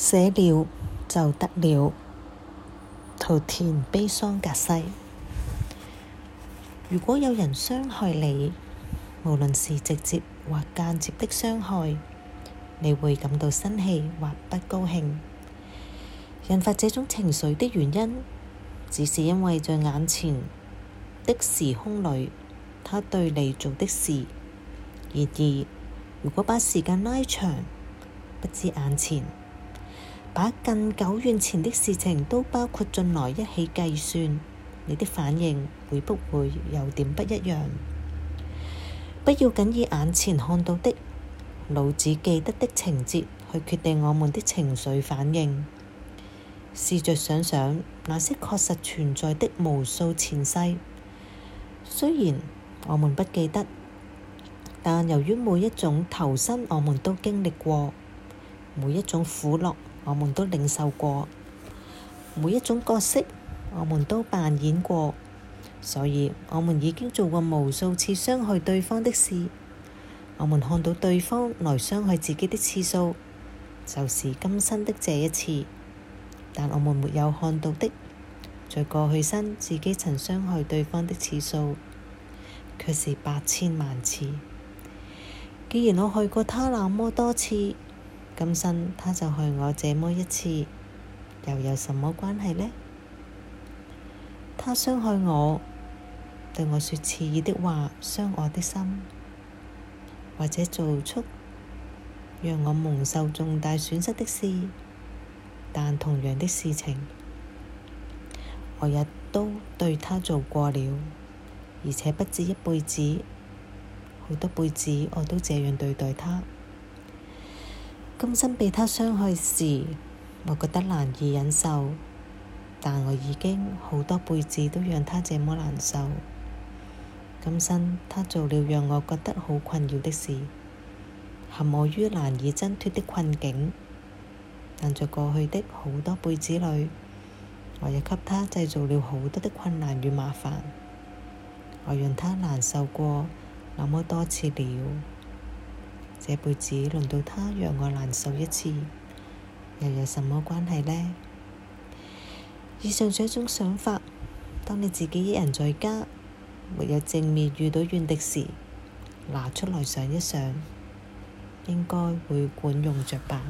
寫了就得了。徒添悲傷隔世。如果有人傷害你，無論是直接或間接的傷害，你會感到生氣或不高興。引發這種情緒的原因，只是因為在眼前的時空裡，他對你做的事。然而，如果把時間拉長，不知眼前，把、啊、近九萬前的事情都包括進來一起計算，你的反應會不會有點不一樣？不要僅以眼前看到的、腦子記得的情節去決定我們的情緒反應。試着想想那些確實存在的無數前世，雖然我們不記得，但由於每一種投生我們都經歷過，每一種苦樂。我們都領受過每一種角色，我們都扮演過，所以我們已經做過無數次傷害對方的事。我們看到對方來傷害自己的次數，就是今生的這一次，但我們沒有看到的，在過去生自己曾傷害對方的次數，卻是八千萬次。既然我害過他那麼多次，今生他就害我這麼一次，又有什麼關係呢？他傷害我，對我說刺耳的話，傷我的心，或者做出讓我蒙受重大損失的事，但同樣的事情我也都對他做過了，而且不止一輩子，好多輩子我都這樣對待他。今生被他傷害時，我覺得難以忍受，但我已經好多輩子都讓他這麼難受。今生他做了讓我覺得好困擾的事，陷我於難以掙脱的困境，但在過去的好多輩子裏，我也給他製造了好多的困難與麻煩，我讓他難受過那麼多次了。這輩子輪到他讓我難受一次，又有什麼關係呢？以上這種想法，當你自己一人在家，沒有正面遇到怨敵時，拿出來想一想，應該會管用着吧。